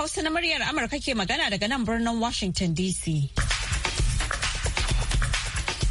Hausa na muryar Amurka ke magana daga nan birnin Washington DC.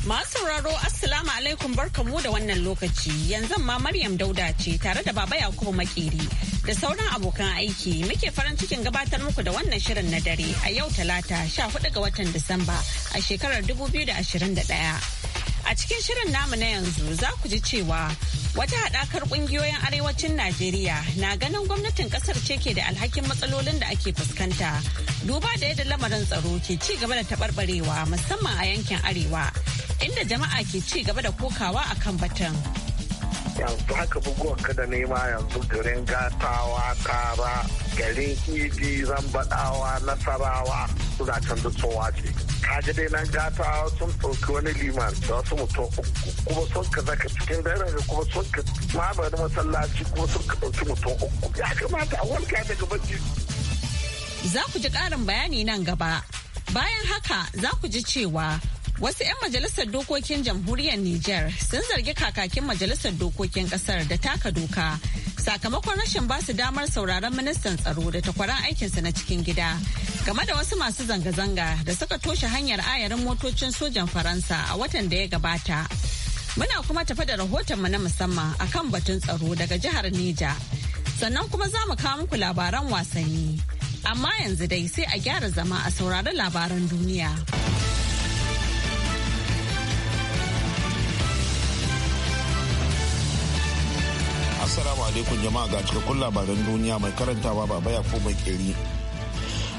Masu sauraro Assalamu alaikum barkamu da wannan lokaci yanzu ma Maryam Dauda ce tare da Baba Yakubu Makeri da sauran abokan aiki muke farin cikin gabatar muku da wannan shirin na dare a yau talata 14 ga watan Disamba a shekarar 2021. A cikin shirin namu na yanzu za ku ji cewa wata haɗakar ƙungiyoyin arewacin Najeriya na ganin gwamnatin ƙasar ce ke da alhakin matsalolin da ake fuskanta. Duba da yadda lamarin tsaro ke ci gaba da taɓarɓarewa musamman a yankin arewa inda jama'a ke ci gaba da kokawa a kan batun. yanzu haka buguwa kada nema yanzu garin gatawa kara garin idi zambaɗawa nasarawa suna za can da tsowa ce kaji dai nan gata sun ɗauki wani liman da wasu mutum uku kuma sun ka zaka cikin daren kuma sun ka mamari masallaci kuma sun ka ɗauki mutum uku ya kamata a wanka daga bacci. za ku ji ƙarin bayani nan gaba bayan haka za ku ji cewa Wasu 'yan majalisar dokokin jamhuriyar Nijar sun zargi kakakin majalisar dokokin kasar da taka doka sakamakon rashin ba su damar sauraron ministan tsaro da takwaran aikinsa na cikin gida game da wasu masu zanga-zanga da suka toshe hanyar ayarin motocin sojan faransa a watan da ya gabata muna kuma tafa da rahotonmu na musamman akan batun tsaro daga jihar neja sannan kuma za mu kawo muku labaran wasanni amma yanzu dai sai a gyara zama a sauraron labaran duniya. Assalamu alaikum jama'a ga cikakkun labaran duniya mai karantawa baba ko mai keri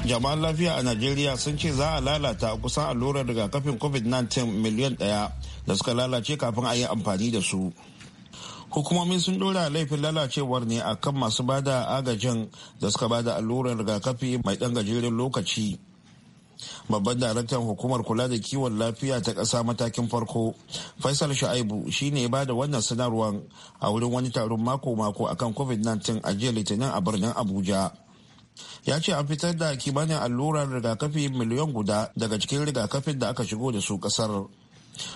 Jama'an lafiya a Najeriya sun ce za a lalata kusan allurar rigakafin COVID-19 miliyan ɗaya da suka lalace kafin a yi amfani da su. Hukumomi sun dora laifin lalacewar ne akan masu bada agajin da suka bada allurar rigakafi mai ɗan gajeren lokaci. babban daraktan hukumar kula da kiwon lafiya ta ƙasa matakin farko faisal sha'aibu shine ya ba da wannan sanarwar a wurin wani taron mako-mako akan covid-19 a jiya litinin a birnin abuja ya ce an fitar da kimanin allurar rigakafi miliyan guda daga cikin rigakafin da aka shigo da su ƙasar.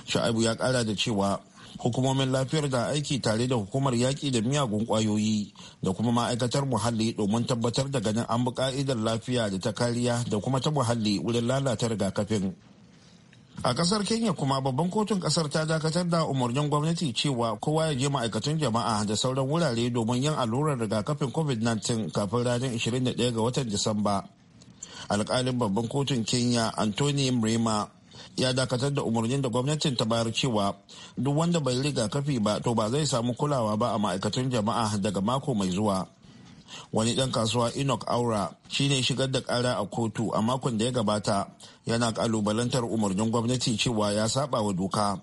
sha'ibu ya ƙara da cewa hukumomin lafiyar da aiki tare da hukumar yaƙi da miyagun ƙwayoyi da kuma ma'aikatar muhalli domin tabbatar da ganin an bi ka'idar lafiya da ta kariya da kuma ta muhalli wurin lalata rigakafin a kasar kenya kuma babban kotun kasar ta dakatar da umarnin gwamnati cewa kowa ya je ma'aikatan jama'a da sauran wurare domin yin allurar rigakafin covid-19 kafin ranar 21 ga watan disamba alkalin babban kotun kenya anthony mrema ya dakatar da umarnin da gwamnatin ta bayar cewa duk wanda bai riga kafi ba to ba zai samu kulawa ba a ma'aikatan jama'a daga mako mai zuwa wani ɗan kasuwa enoch aura shine shigar da kara a kotu a makon da ya gabata yana ƙalubalantar umarnin gwamnati cewa ya saba wa doka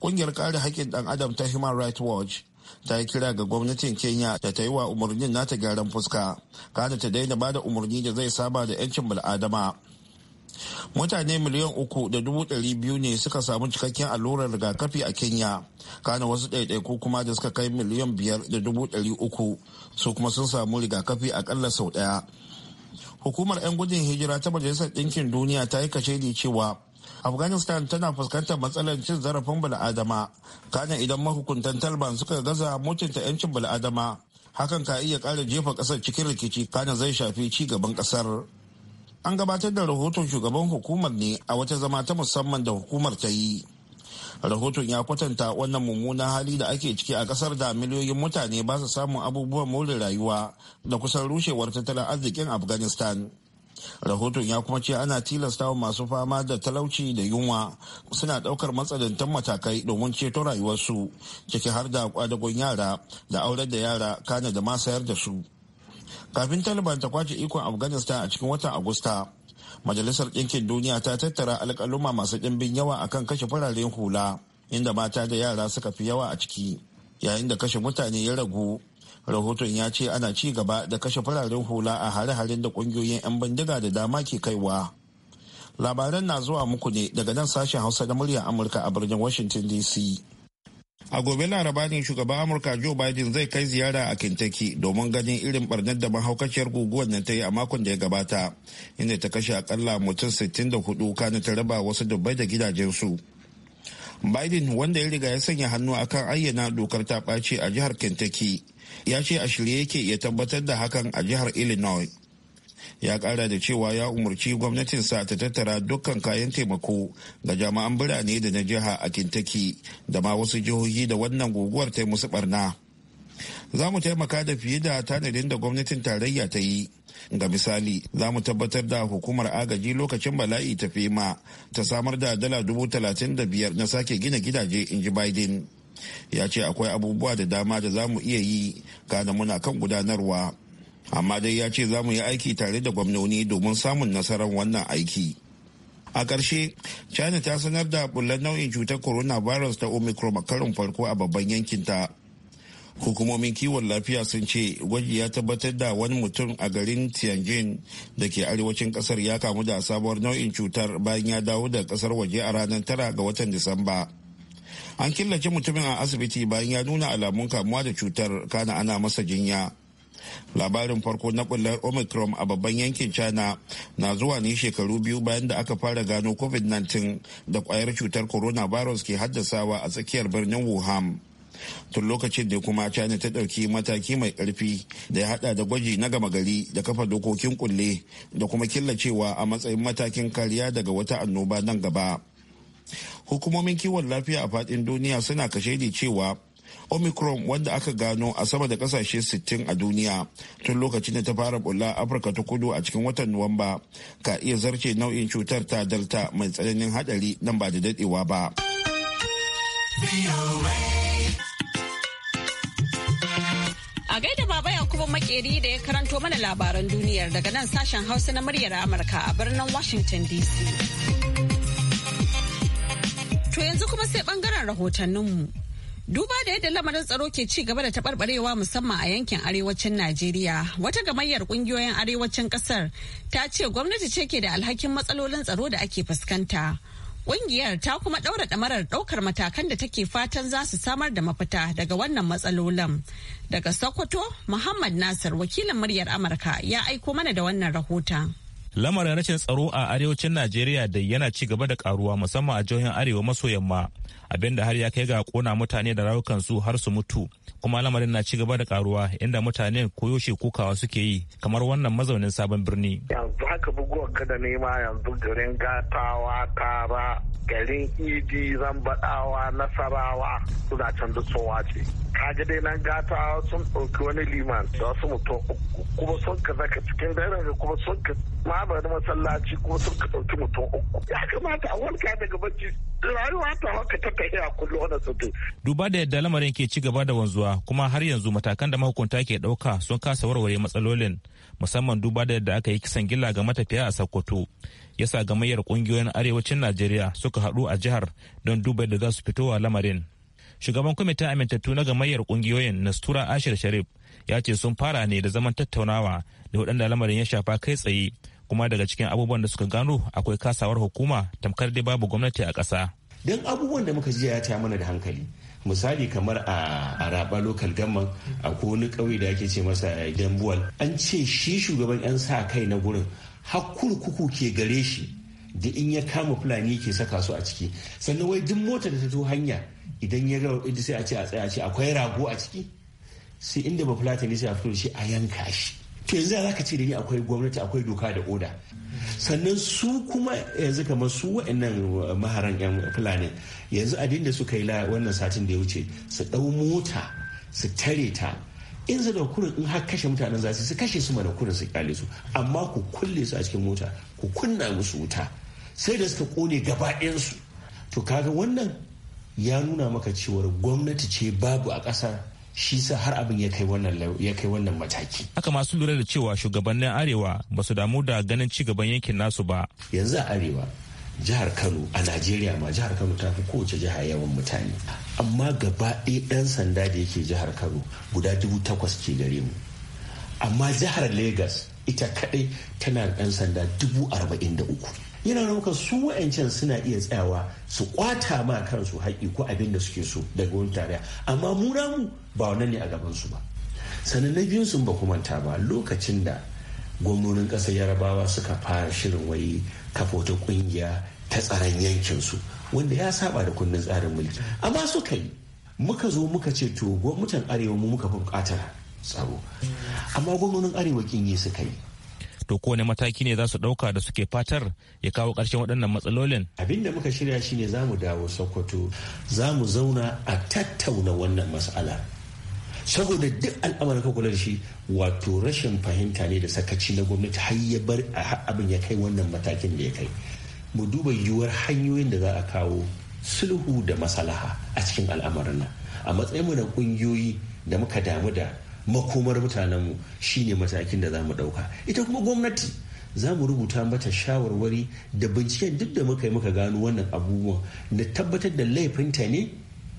ƙungiyar kare haƙƙin ɗan adam ta human rights watch ta yi kira ga gwamnatin kenya da ta yi wa umarnin nata gyaran fuska kada ta daina bada umarni da zai saba da 'yancin bil'adama mutane miliyan uku da dubu ɗari biyu ne suka samu cikakken allurar rigakafi a kenya kana wasu ɗaiɗaiku kuma da suka kai miliyan biyar da dubu ɗari uku su kuma sun samu rigakafi akalla sau ɗaya hukumar 'yan gudun hijira ta majalisar ɗinkin duniya ta yi kashedi cewa afghanistan tana fuskantar matsalar cin zarafin bala'adama kana idan mahukuntan talban suka gaza mutunta 'yancin bala'adama hakan ka iya ƙara jefa ƙasar cikin rikici kana zai shafi ci gaban ƙasar an gabatar da rahoton shugaban hukumar ne a wata zama ta musamman da hukumar ta yi rahoton ya kwatanta wannan mummunan hali da ake ciki a kasar da miliyoyin mutane ba su samun abubuwan more rayuwa da kusan rushewar tattalin arzikin afghanistan rahoton ya kuma ce ana tilastawa masu fama da talauci da yunwa suna daukar matsalantan matakai domin ceto rayuwarsu ciki har da kwadagon yara da aurar da yara kana da ma sayar da su kafin taliban ta kwace ikon afghanistan a cikin watan agusta majalisar ɗinkin duniya ta tattara alƙaluma masu ɗimbin yawa akan kashe fararen hula inda mata da yara suka fi yawa a ciki yayin da kashe mutane ya ragu rahoton ya ce ana ci gaba da kashe fararen hula a hare-haren da ƙungiyoyin 'yan bindiga da dama ke kaiwa labaran na zuwa muku ne daga nan sashen hausa na muryar amurka a birnin washington dc A gobe laraba ne shugaban Amurka Joe Biden zai kai ziyara a Kentucky domin ganin irin barnar da mahaukaciyar guguwar nan ta yi a makon da ya gabata, inda ta kashe akalla mutum 64 kana ta raba wasu dubbai da gidajensu. Biden wanda ya riga ya sanya hannu akan ayyana dokar ta ɓace a jihar Kentucky, ya ce a shirye yake ya tabbatar da hakan a jihar Illinois. ya kara da cewa ya umarci gwamnatin sa ta tattara dukkan kayan taimako ga jama'an birane da na jiha a kintaki da ma wasu jihohi da wannan guguwar ta musu barna za mu taimaka da fiye da tanadin da gwamnatin tarayya ta yi ga misali za mu tabbatar da hukumar agaji lokacin bala'i ta ma ta samar da dala dubu talatin da biyar na sake gina gidaje in ji biden ya ce akwai abubuwa da dama da za mu iya yi kana muna kan gudanarwa amma dai ya ce za mu yi aiki tare da gwamnoni domin samun nasarar wannan aiki a ƙarshe china ta sanar da bullar nau'in cutar corona virus ta omicron a karin farko a babban yankin ta. hukumomin kiwon lafiya sun ce gwaji ya tabbatar da wani mutum a garin tianjin da ke arewacin kasar ya kamu da sabuwar nau'in cutar bayan ya dawo da kasar waje a ranar tara ga watan disamba an killace mutumin a asibiti bayan ya nuna alamun kamuwa da cutar kana ana masa jinya labarin farko na kullar omicron a babban yankin china na zuwa ne shekaru biyu bayan da aka fara gano covid-19 da kwayar cutar coronavirus ke haddasawa a tsakiyar birnin wuhan tun lokacin da kuma china ta ɗauki mataki mai ƙarfi da ya hada da gwaji na gama gari da kafa dokokin kulle da kuma killacewa a matsayin matakin kariya daga wata annoba nan gaba hukumomin kiwon lafiya a faɗin duniya suna kashedi cewa omicron wanda aka gano a sama da kasashe 60 a duniya tun lokacin da ta fara bulla afirka ta kudu a cikin watan nuwamba ka iya zarce nau'in cutar ta delta mai tsananin hadari nan ba da dadewa ba a gaida baba yakubu makeri da ya karanto mana labaran duniyar daga nan sashen hausa na muryar amurka a birnin washington dc to yanzu kuma sai bangaren rahotanninmu Duba da yadda lamarin tsaro ke ci gaba da taɓarɓarewa musamman a yankin arewacin Najeriya, wata gamayyar ƙungiyoyin arewacin ƙasar ta ce gwamnati ce ke da alhakin matsalolin tsaro da ake fuskanta. Ƙungiyar ta kuma ɗaura ɗamarar ɗaukar matakan da take fatan za su samar da mafita daga wannan matsalolin. Daga Sokoto, Muhammad Nasir, wakilin muryar Amurka, ya aiko mana da wannan rahoton. lamarin rashin tsaro a arewacin najeriya da yana ci gaba da karuwa musamman a jihohin arewa maso yamma abinda har ya kai ga kona mutane da su har su mutu kuma lamarin na ci gaba da karuwa inda mutane koyaushe kukawa suke yi kamar wannan mazaunin sabon birni yanzu haka buguwar ka da nema yanzu garin gatawa tara garin idi zambaɗawa nasarawa suna can da tsowa ce kaga dai nan gata sun ɗauki wani liman da wasu mutum uku kuma sun ka zaka cikin daren kuma sun ka mamarin masallaci kuma sun ka ɗauki mutum uku ya kamata a walka daga bacci rayuwa ta haka ta kai a kullum wani sautin. duba da yadda lamarin ke ci gaba da wanzuwa kuma har yanzu matakan da mahukunta ke ɗauka sun kasa warware matsalolin musamman duba da yadda aka yi kisan gilla ga matafiya a sakkwato ya sa gamayyar kungiyoyin arewacin najeriya suka haɗu a jihar don duba da za su fito wa lamarin shugaban kwamitin amintattu na gamayyar kungiyoyin nastura ashir sharif ya ce sun fara ne da zaman tattaunawa da waɗanda lamarin ya shafa kai tsaye kuma daga cikin abubuwan da suka gano akwai kasawar hukuma tamkar dai babu gwamnati a ƙasa don abubuwan da muka jiya ya ta mana da hankali misali kamar a araba local gamman a wani ƙauye da ake ce masa eh, dambuwal an ce shi shugaban 'yan sa kai na gurin hakkurkuku ke gare shi da in ya kama fulani ke saka su a ciki sannan wai duk mota da ta to hanya idan ya ga idan sai a ce a tsaya ce akwai rago a ciki sai inda ba ne sai a fito shi a yanka shi to yanzu za ka ce da ni akwai gwamnati akwai doka da oda sannan su kuma yanzu kamar su waɗannan uh, maharan yan fulani yanzu abin da suka yi wannan satin da ya wuce su ɗau mota su tare ta in su da kurin in har kashe mutanen zasu su kashe su mana kurin su kyale su amma ku kulle su a cikin mota ku kunna musu wuta sai da suka kone gaba su to kaga wannan ya nuna maka cewar gwamnati ce babu a ƙasa shi sa har abin ya kai wannan ya kai wannan mataki haka masu lura da cewa shugabannin arewa ba su damu da ganin ci gaban yankin nasu ba yanzu a arewa jihar kano a najeriya ma jihar kano ta fi kowace jiha yawan mutane amma gaba ɗaya ɗan sanda da yake jihar kano guda dubu takwas ke gare mu amma jihar lagos ita kaɗai tana da ɗan sanda dubu arba'in da uku yana nufin su wa'ancan suna iya tsayawa su kwata ma kansu haƙƙi ko abin da suke so daga wani tarayya amma mu mu ba wannan ne a gaban su ba sannan na biyun sun ba ta ba lokacin da gwamnonin ƙasar yarabawa suka fara shirin wai kafa wata ƙungiya ta tsaron yankinsu. wanda ya saba da kundin tsarin mulki amma suka yi muka zo muka ce to gwamnatin arewa mu muka fi bukatar tsaro amma gwamnatin arewa kin yi suka yi to kowane mataki ne za su ɗauka da suke fatar ya kawo ƙarshen waɗannan matsalolin. Abin da muka shirya shine za mu dawo Sokoto za mu zauna a tattauna wannan mas'ala. Saboda duk al'amarin ka da shi wato rashin fahimta ne da sakaci na gwamnati har ya bar abin ya kai wannan matakin da ya kai. mu duba yiwuwar hanyoyin da za a kawo sulhu da masalaha a cikin al'amarin nan a matsayinmu na ƙungiyoyi da muka damu da makomar mutanenmu shine matakin da za mu ɗauka ita kuma gwamnati za mu rubuta mata shawarwari da binciken duk da muka yi muka gano wannan abubuwan na tabbatar da laifinta ne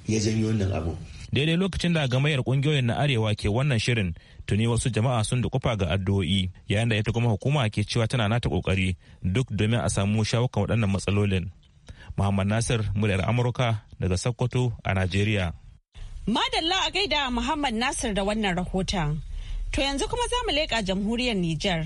ya janyo wannan abu daidai lokacin da gamayyar kungiyoyin na arewa ke wannan shirin tuni wasu jama'a sun da kufa ga addu'o'i yayin da ita kuma hukuma ke cewa tana nata kokari duk domin a samu shawukan waɗannan matsalolin muhammad nasir muryar amurka daga sokoto a najeriya madalla a gaida muhammad nasir da wannan rahoton to yanzu kuma za mu leƙa jamhuriyar niger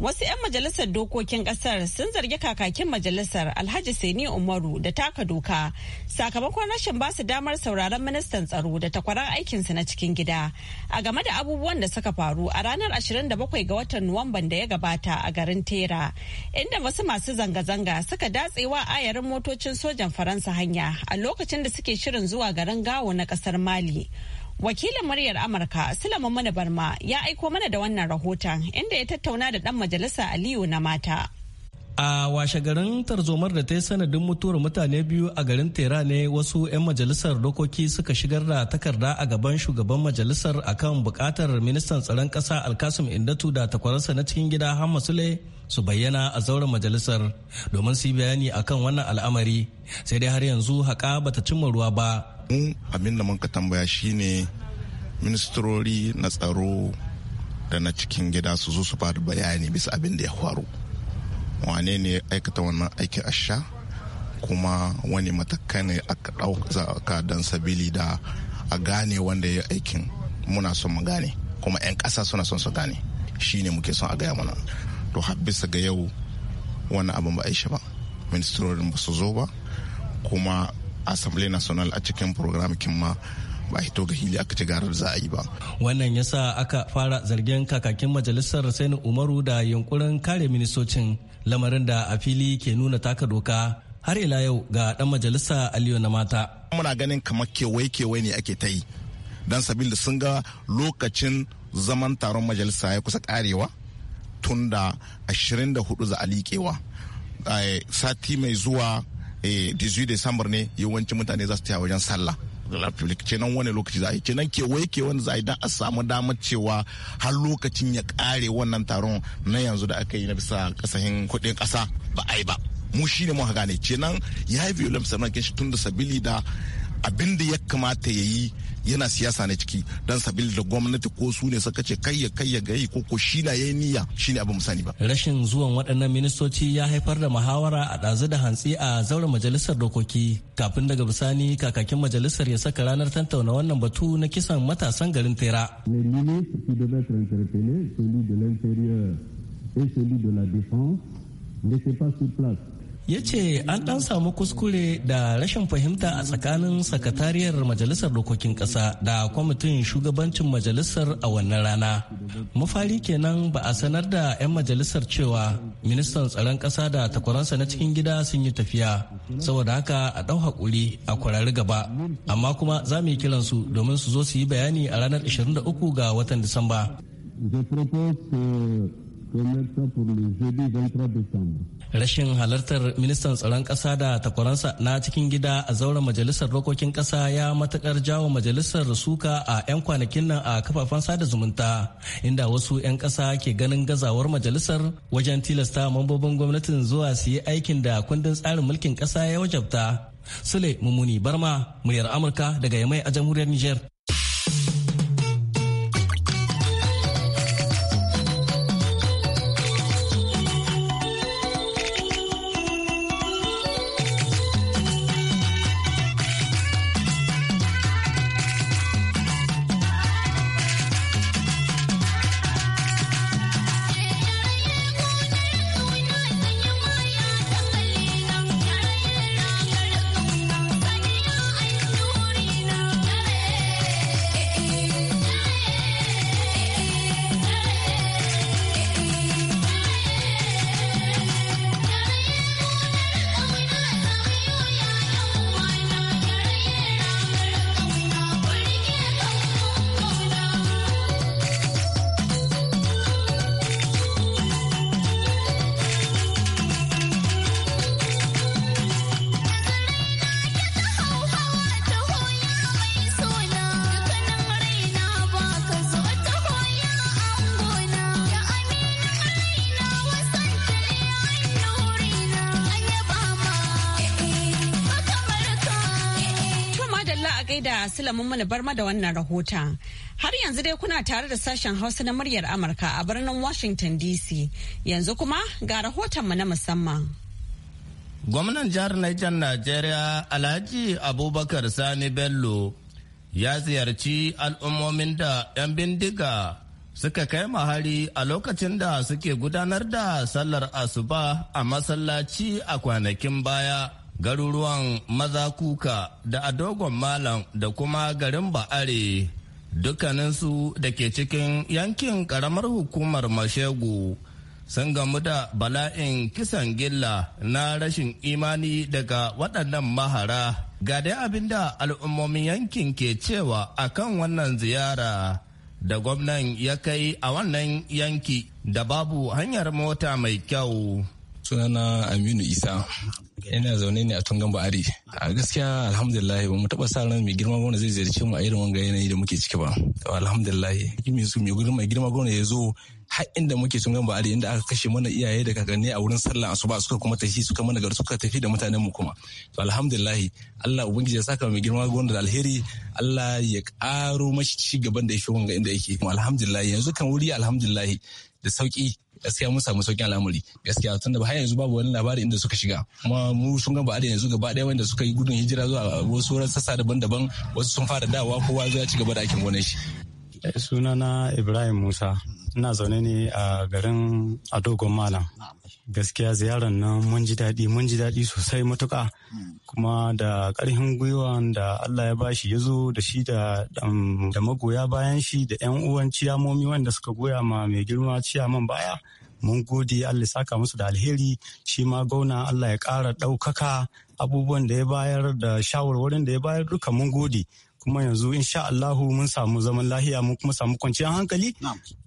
Wasu 'yan majalisar dokokin kasar sun zargi kakakin majalisar Alhaji Saini Umaru da taka doka sakamakon rashin ba su damar sauraron ministan tsaro da takwarar aikinsu na cikin gida a game da abubuwan da suka faru a ranar 27 ga watan Nuwamban da ya gabata a garin Tera inda wasu masu zanga-zanga suka datsewa ayarin motocin sojan Faransa hanya a lokacin da suke shirin zuwa garin Gawo na kasar Mali. Wakilin muryar Amurka Sulaiman Mana Barma ya aiko mana da wannan rahoton inda ya tattauna da dan majalisa Aliyu na mata. A washe tarzomar da ta yi sanadin mutuwar mutane biyu a garin Tera ne wasu 'yan majalisar dokoki suka shigar da takarda a gaban shugaban majalisar a kan bukatar ministan tsaron ƙasa Alkasim Indatu da takwararsa na cikin gida Hamma Sule su bayyana a zauren majalisar domin su yi bayani akan wannan al'amari sai dai har yanzu haka bata cimma ruwa ba mu abin da muka tambaya shine ministrori na tsaro da na cikin gida su zo su ba da bayani bisa abin da ya faru wane ne aikata wannan aiki a sha kuma wani mataka ne aka ɗauka don sabili da a gane wanda ya aikin muna son mu gane kuma 'yan ƙasa suna son su gane shi ne muke son a gaya mana to bisa ga yau wani abin ba aisha ba ministrorin ba su zo ba kuma assembly national a cikin kin ma ba hito ga hili aka ci garar za a yi ba. Wannan ya sa aka fara zargin kakakin majalisar Sani Umaru da yunkurin kare ministocin lamarin da a fili ke nuna taka doka har ila yau ga dan majalisa Aliyu na mata. Muna ganin kamar kewaye-kewaye ne ake ta yi. Dan da sun ga lokacin zaman taron majalisa ya kusa karewa tun da 24 za a liƙewa. Eh, sati mai zuwa 18 eh, Desambar ne yawancin mutane za su taya wajen sallah ce nan wani lokaci za a yi kenan kewaye kewan za a yi don a samu damar cewa har lokacin ya kare wannan taron na yanzu da aka yi na bisa kasahin kudin kasa ba a yi ba mu shi ne muka gane kenan ya yi violence sanarkin shi tun da sabili da abin da ya kamata ya yi yana siyasa na ciki don sabil da gwamnati ko su ne suka ce kai ya gayi ko ko shi na yayi niyya shi ne abin musani ba. Rashin zuwan waɗannan ministoci ya haifar da muhawara a ɗazu da hantsi a zauren majalisar dokoki kafin daga bisani kakakin majalisar ya saka ranar tantauna wannan batu na kisan matasan garin Tera. Et celui de la défense n'était pas sur place. ya ce an ɗan samu kuskure da rashin fahimta a tsakanin sakatariyar majalisar dokokin ƙasa da kwamitin shugabancin majalisar a wannan rana mafari kenan ba a sanar da 'yan majalisar cewa ministan tsaron ƙasa da takwaransa na cikin gida sun yi tafiya saboda haka a ɗau hakuri a kwarari gaba amma kuma za mu yi kiransu domin su zo su yi bayani a ranar 23 ga watan disamba Rashin halartar ministan tsaron ƙasa da takwaransa na cikin gida a zauren majalisar dokokin ƙasa ya matakar jawo majalisar suka a 'yan kwanakin nan a kafafen sada zumunta inda wasu 'yan ƙasa ke ganin gazawar majalisar wajen tilasta mambobin gwamnatin zuwa su yi aikin da kundin tsarin mulkin ƙasa ya wajabta. Sule Mumuni Barma, muryar Amurka daga Yamai a jamhuriyar Nijar. da Sulaiman mana Barma da wannan rahota Har yanzu dai kuna tare da sashen Hausa na muryar Amurka a birnin Washington DC. Yanzu kuma ga rahoton mu na musamman. Gwamnan jihar Niger Najeriya Alhaji Abubakar Sani Bello ya ziyarci al'ummomin da 'yan bindiga suka kai mahari a lokacin da suke gudanar da sallar asuba a masallaci a kwanakin baya. garuruwan Maza kuka da adogon malam da kuma garin ba'are dukkaninsu da ke cikin yankin karamar hukumar mashegu sun gamu da bala'in kisan gilla na rashin imani daga waɗannan mahara ga dai abin da al'ummomin yankin ke cewa akan wannan ziyara da gwamnan ya kai a wannan yanki da babu hanyar mota mai kyau sunana aminu isa Ina zaune ne a Tungan Ba'ari. A gaskiya alhamdulillah ba mu taɓa sa ran mai girma gwamna zai ziyarce mu a irin wanga yanayi da muke ciki ba. Alhamdulillah. Mai su mai girma gwamna ya zo har inda muke Tungan Ba'ari inda aka kashe mana iyaye da kakanni a wurin sallah asuba suka kuma tafi suka mana gari suka tafi da mutanen mu kuma. To alhamdulillah Allah ubangiji ya saka mai girma gwamna da alheri Allah ya ƙaro mashi ci gaban da ya fi wanga inda yake. Alhamdulillah yanzu kan wuri alhamdulillah da sauki gaskiya mun samu sauƙin al'amari gaskiya tunda ba har yanzu babu wani labari inda suka shiga kuma mu sun ga ba da yanzu gaba ɗaya wanda suka yi gudun hijira zuwa wasu sassa daban-daban wasu sun fara dawa kowa zai ci gaba da aikin gonar shi. sunana ibrahim musa ina zaune ne a garin adogon malam gaskiya ziyarar nan mun ji daɗi mun ji daɗi sosai matuƙa kuma da ƙarfin gwiwa da Allah ya bashi ya zo da shi da um, magoya bayan shi da 'yan uwan ciyamomi wanda suka goya ma mai girma ciyaman baya mun gode Allah saka musu da alheri shi ma gauna Allah ya ƙara ɗaukaka abubuwan da ya bayar da shawarwarin da ya bayar duka mun gode kuma yanzu insha Allahu mun samu zaman lahiya mun kuma samu kwanciyar hankali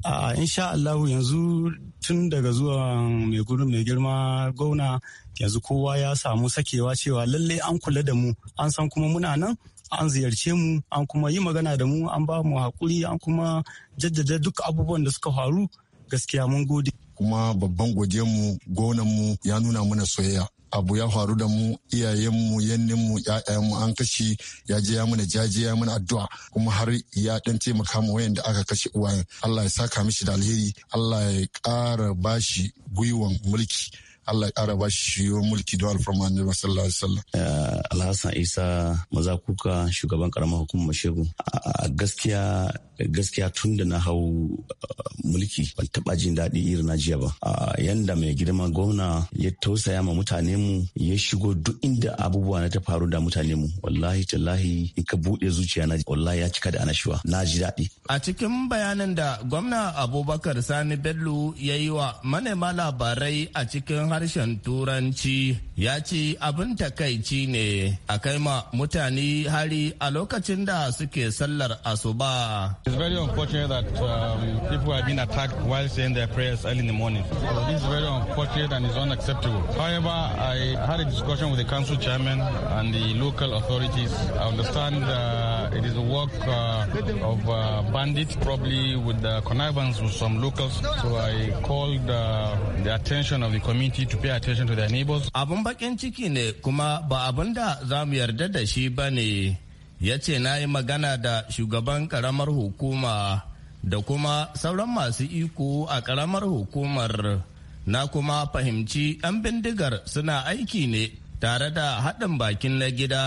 a insha Allahu yanzu tun daga zuwa mai gurin mai girma gauna yanzu kowa ya samu sakewa cewa lallai an kula da mu an san kuma muna nan an ziyarce mu an kuma yi magana da mu an ba mu haƙuri an kuma jaddada duk abubuwan da suka faru gaskiya mun gode kuma babban mu gonan mu ya nuna mana soyayya abu ya faru da mu iyayenmu yanninmu ƴaƴanmu an kashe ya je ya mana jaje ya mana addu'a kuma har ya dan taimaka mu wayanda aka kashe uwayen Allah ya saka mishi da alheri Allah ya ƙara bashi gwiwan mulki Allah ƙara ba shi mulki don alfarma ne sallallahu alaihi wasallam. Alhassan Isa Maza kuka shugaban karamar hukumar Shegu. A gaskiya gaskiya tun da na hau uh, mulki ban taɓa jin daɗi irin na jiya ba. Yanda mai girma gwamna ya tausaya ma mutane mu ya shigo duk inda abubuwa na ta faru da mutane mu wallahi tallahi in ka buɗe zuciya na wallahi ya cika da anashuwa na ji daɗi. A cikin bayanin da gwamna Abubakar Sani Bello ya yi wa manema labarai a cikin harshen Turanci ya ci abin takaici ne a kai ma mutane hari a lokacin da suke sallar asuba. It's very unfortunate that um, people have been attacked while saying their prayers early in the morning. So this is very unfortunate and is unacceptable. However, I had a discussion with the council chairman and the local authorities. I understand uh, it is the work uh, of uh, bandits, probably with the connivance with some locals. So I called uh, the attention of the community to pay attention to their neighbors. Abun bakin ciki ne kuma ba abin da za mu yarda da shi ba ne ya ce na yi magana da shugaban karamar hukuma da kuma sauran masu iko a karamar hukumar na kuma fahimci 'yan bindigar suna aiki ne tare da haɗin bakin na gida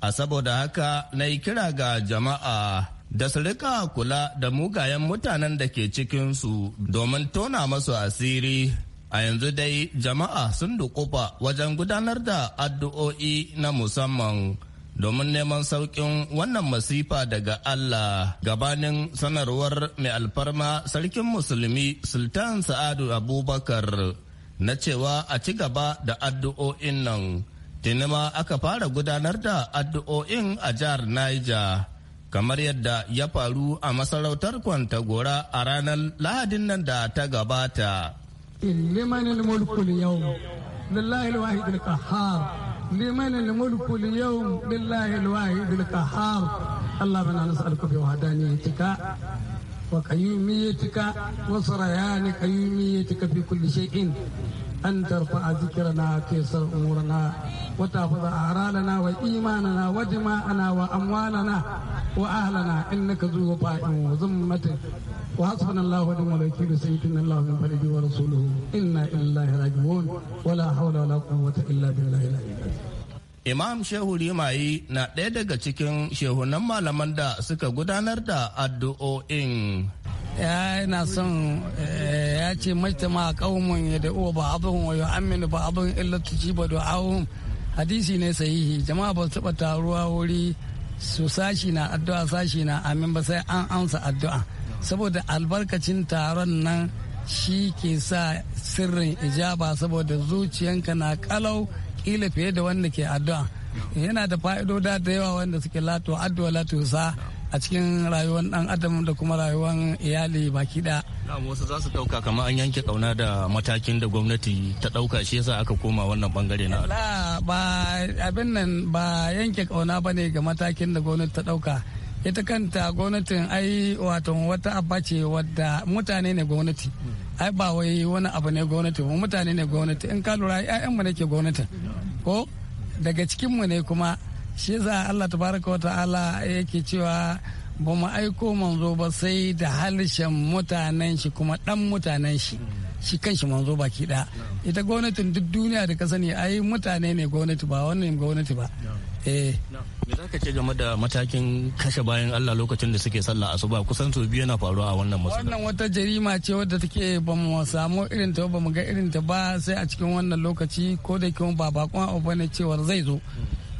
a saboda haka na yi kira ga jama'a da su rika kula da mugayen mutanen da ke cikinsu domin tona masu asiri A yanzu dai jama'a sun dukufa wajen gudanar da addu'o'i na musamman domin neman sauƙin wannan masifa daga Allah gabanin sanarwar mai alfarma sarkin musulmi Sultan Sa'adu Abubakar na cewa a ci gaba da addu'o'in nan. Tinima aka fara gudanar da addu'o'in a jihar Niger. kamar yadda ya faru a masarautar kwantagora a ranar lahadin nan da ta gabata. لمن الملك اليوم لله الواحد القهار لمن الملك اليوم لله الواحد القهار اللهم نسألك بوحدانيتك وقيوميتك وسريان قيوميتك في كل شيء أن ترفع ذكرنا كيسر أمورنا وتحفظ أعرالنا وإيماننا ودماءنا وأموالنا وأهلنا إنك ذو وفاء وذمة وحسبنا الله ونعم الوكيل سيدنا الله من فلده ورسوله انا لله راجعون ولا حول ولا قوه الا بالله العلي Imam Shehu Limayi na ɗaya daga cikin shehunan malaman da suka gudanar da addu'o'in. Ya yana son eh, ya ce ma kaumun ya da uwa ba abin wayo yu'amminu ba abin ci tujiba du'ahum hadisi ne sahihi jama'a ba su taɓa taruwa wuri su sashi na addu'a sashi na amin ba sai an ansa addu'a. saboda albarkacin taron nan shi ke sa sirrin ijaba saboda zuciyanka na kalau kila fiye da wanda ke addu'a yana da fa'idoda da yawa wanda suke lato addu'a lato sa a cikin rayuwar dan adam da kuma rayuwar iyali baki da wasu za su dauka kamar an yanke kauna da matakin da gwamnati ta dauka shi yasa aka koma wannan bangare na ba abin nan ba yanke kauna bane ga matakin da gwamnati ta dauka ita kanta gwamnatin ai wato wata abba ce wadda mutane ne gwamnati ai ba wai wani abu ne gwamnati ba mutane ne gwamnati in ka lura yayan ne ke gwamnati ko daga cikinmu ne kuma shi za Allah tabaraka wa ta'ala yake cewa ba mu aiko manzo ba sai da halishin mutanen shi kuma dan mutanen shi shi kanshi manzo baki ɗaya ita gwamnatin duk duniya da ka sani ai mutane ne gwamnati ba wannan gwamnati ba Eh. Me za ka ce game da matakin kashe bayan Allah lokacin da suke sallah asuba kusan sau biyu yana faruwa a wannan masu. Wannan wata jarima ce wadda take ba mu samu irin ta ba mu ga irin ta ba sai a cikin wannan lokaci ko da kuma ba bakon abu ne cewar zai zo.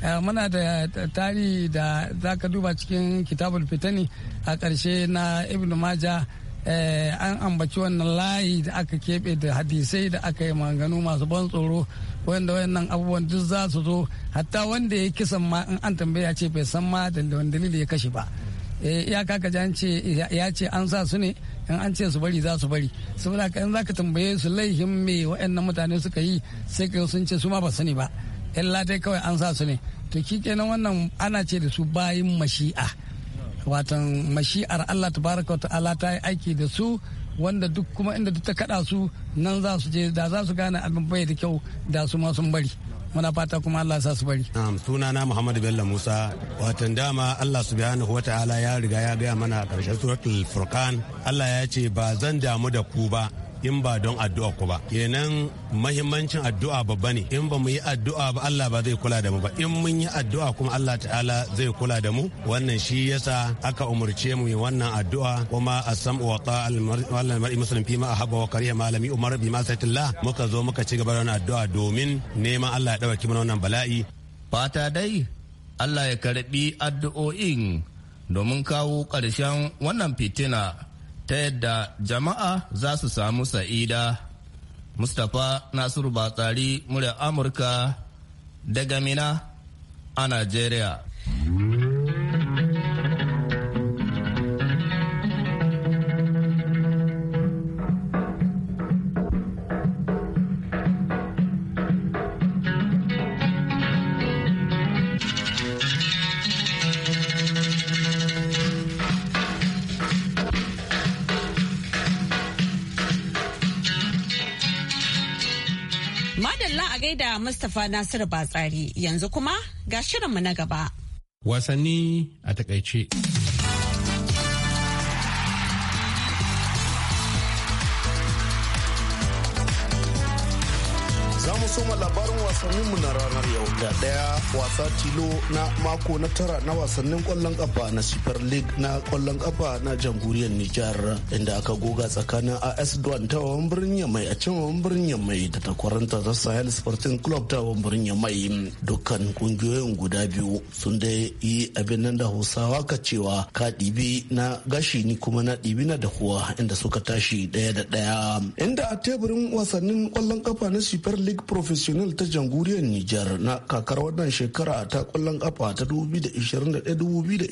Eh, muna da tarihi da za ka duba cikin kitabul fitani a ƙarshe na ibn maja Eh, an ambaci wannan layi da aka keɓe da hadisai da aka yi maganganu masu ban tsoro wanda wannan abubuwan duk za su zo hatta wanda ya kisan ma in an tambaya ce bai san ma da dalili ya kashe ba eh, ya kaka ji an ce ya ce an sa su ne in an ce su bari za su bari saboda haka in zaka tambaye su laihin me waannan mutane suka yi sai ka sun ce su ma ba su ne ba illa dai kawai an sa su ne to na wannan ana ce da su bayin mashi'a watan mashi'ar Allah baraka wa ta'ala ta yi aiki da su wanda duk kuma inda duk ta kaɗa su nan za su je da za su gane abin bai da kyau da su ma sun bari muna fata kuma Allah sa su bari. sunana Muhammadu Bello Musa watan dama Allah subhanahu wa ta'ala ya riga ya gaya mana a ƙarshen suratul furqan Allah ya ce ba zan damu da ku ba in ba don addu'a ku ba kenan mahimmancin addu'a babba ne in ba mu yi addu'a ba Allah ba zai kula da mu ba in mun yi addu'a kuma Allah ta'ala zai kula da mu wannan shi yasa aka umurce mu yi wannan addu'a kuma asam wa ta'al mar'i muslim fi ma ahabba wa kariya malami umar bi ma muka zo muka ci gaba da wannan addu'a domin neman Allah ya dauki mana wannan bala'i fata dai Allah ya karbi addu'o'in domin kawo ƙarshen wannan fitina ta yadda jama'a za su samu sa'ida. Mustapha Nasiru Batsari murya Amurka daga Mina a Najeriya. Madalla a gaida Mustapha Nasiru Batsari yanzu kuma ga shirinmu na gaba. Wasanni a takaice. kuma labarin wasannin mu na ranar yau da daya wasa tilo na mako na tara na wasannin kwallon kafa na super league na kwallon kafa na jamhuriyar nijar inda aka goga tsakanin as duwan ta wawan birnin yamai a can birnin yamai da takwaranta ta sahel sporting club ta wawan birnin yamai dukkan kungiyoyin guda biyu sun dai yi abin nan da hausawa ka cewa ka ɗibi na gashi ni kuma na ɗibi na dahuwa inda suka tashi ɗaya da ɗaya inda a teburin wasannin kwallon kafa na super league prof professional ta jamhuriyar Nijar na kakar wannan shekara ta kwallon kafa ta 2021-2022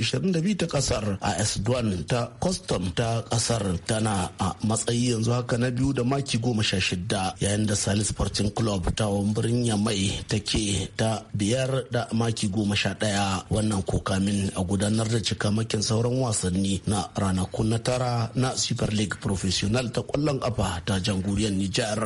ta kasar a S1 ta custom ta kasar tana a matsayi yanzu haka na biyu da maki goma sha shida yayin da Salis Sporting Club ta wambirin Yamai take ta biyar da maki goma sha daya wannan kokamin a gudanar da cikamakin sauran wasanni na ranaku na tara na Super League Professional ta kwallon kafa ta jamhuriyar Nijar.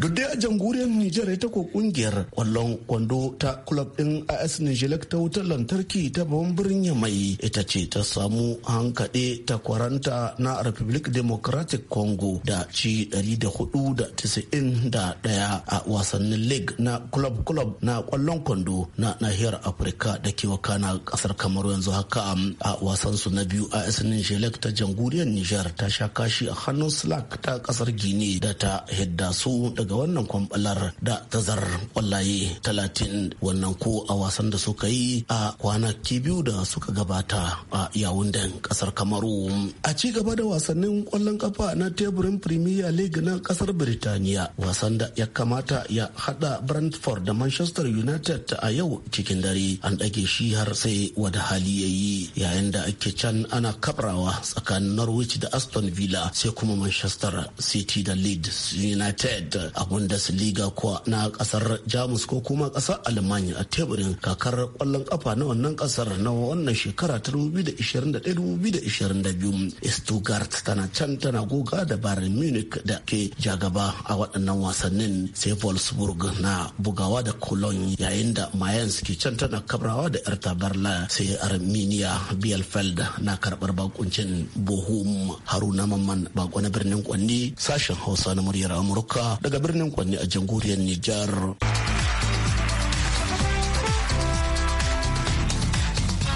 Duk dai a jamhuriyar Nijar ita ko kungiyar kwallon kwando ta club din AS Nijilek ta wutar lantarki ta babban birnin mai ita ce ta samu hankaɗe ta kwaranta na Republic Democratic Congo da ci 491 a wasannin league na club club na kwallon kwando na nahiyar Afirka da ke wakana kasar Kamaru yanzu haka a wasansu na biyu AS Nijilek ta jamhuriyar niger ta sha kashi a hannun Slack ta kasar Gini da ta hidda su daga wannan kwambalar da Tazar kwallaye talatin wannan ko a wasan da suka yi a kwanaki biyu da suka gabata a yawun da kasar kamaru a ci gaba da wasannin kwallon kafa na teburin premier league na kasar birtaniya wasan da ya kamata ya hada brentford da manchester united a yau cikin dare an ɗage shi har sai wada hali ya yi yayin da ake can ana kabrawa tsakanin norwich da aston villa sai kuma manchester city da leeds united a bundesliga kuwa na kasar jamus ko kuma kasar alemanya a teburin kakar kwallon kafa na wannan kasar na wannan shekara ta 2021-2022 stuttgart tana can tana goga da bayern munich da ke jagaba a waɗannan wasannin sai wolfsburg na bugawa da cologne yayin da mayans ke can tana kabrawa da yarta berlin sai armenia bielfeld na karɓar bakuncin bohum haruna mamman bako na birnin kwanni sashen hausa na muryar amurka daga birnin kwanni a jamhuriyar To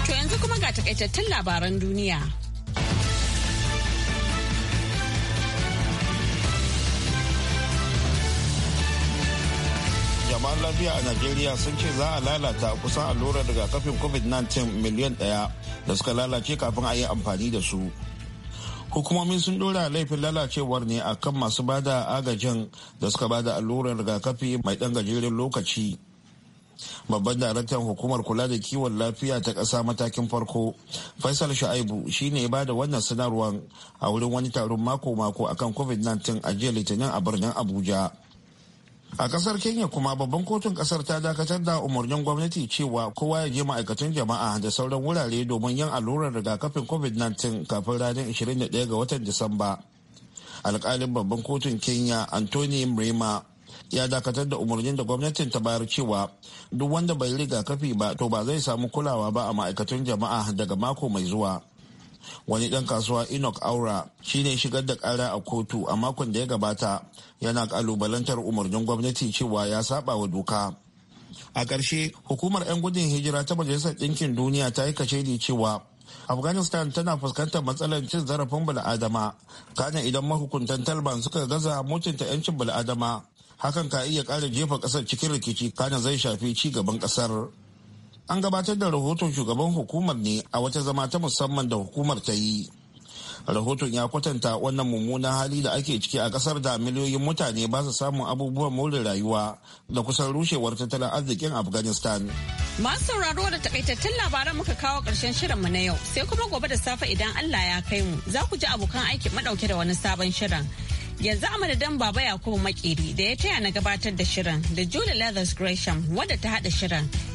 yanzu kuma ga takaitattun labaran duniya. jama'an lafiya a najeriya sun ce za a lalata kusan allurar rigakafin covid-19 miliyan ɗaya da suka lalace kafin a yi amfani da su hukumomi sun dora laifin lalacewar ne a kan masu da agajin da suka ba da alluran rigakafi mai ɗan gajeren lokaci babban daraktan hukumar kula da kiwon lafiya ta ƙasa matakin farko faisal shaibu shine ya bada wannan sanarwar a wurin wani taron mako-mako akan covid-19 a jiya litinin a birnin abuja a kasar kenya kuma babban kotun kasar ta dakatar da umarnin gwamnati cewa kowa ya je ma'aikatan jama'a da sauran wurare domin yin allurar rigakafin covid-19 kafin ranar 21 ga watan disamba alkalin babban kotun kenya anthony mrema ya dakatar da umarnin da gwamnatin ta bayar cewa duk wanda bai rigakafi ba to ba zai samu kulawa ba a ma'aikatan jama'a daga mako mai zuwa wani dan kasuwa enoch aura shine shigar da ƙara a kotu a makon da ya gabata yana ƙalubalantar umarnin gwamnati cewa ya saba wa doka a ƙarshe hukumar 'yan gudun hijira ta majalisar ɗinkin duniya ta yi kashedi cewa afghanistan tana fuskantar matsalar cin zarafin bala'adama kana idan mahukuntan talban suka gaza mutunta 'yancin bala'adama hakan ka iya ƙara jefa ƙasar cikin rikici kana zai shafi ci gaban ƙasar an gabatar da rahoton shugaban hukumar ne a wata zama ta musamman da hukumar ta yi rahoton ya kwatanta wannan mummunan hali da ake ciki a kasar da miliyoyin mutane ba su samun abubuwan more rayuwa da kusan rushewar tattalin arzikin afghanistan masu sauraro da takaitattun labaran muka kawo karshen shirinmu na yau sai kuma gobe da safe idan allah ya kai mu za ku ji abokan aiki madauke da wani sabon shirin yanzu a madadin baba yakubu makeri da ya taya na gabatar da shirin da julie leathers gresham wadda ta hada shirin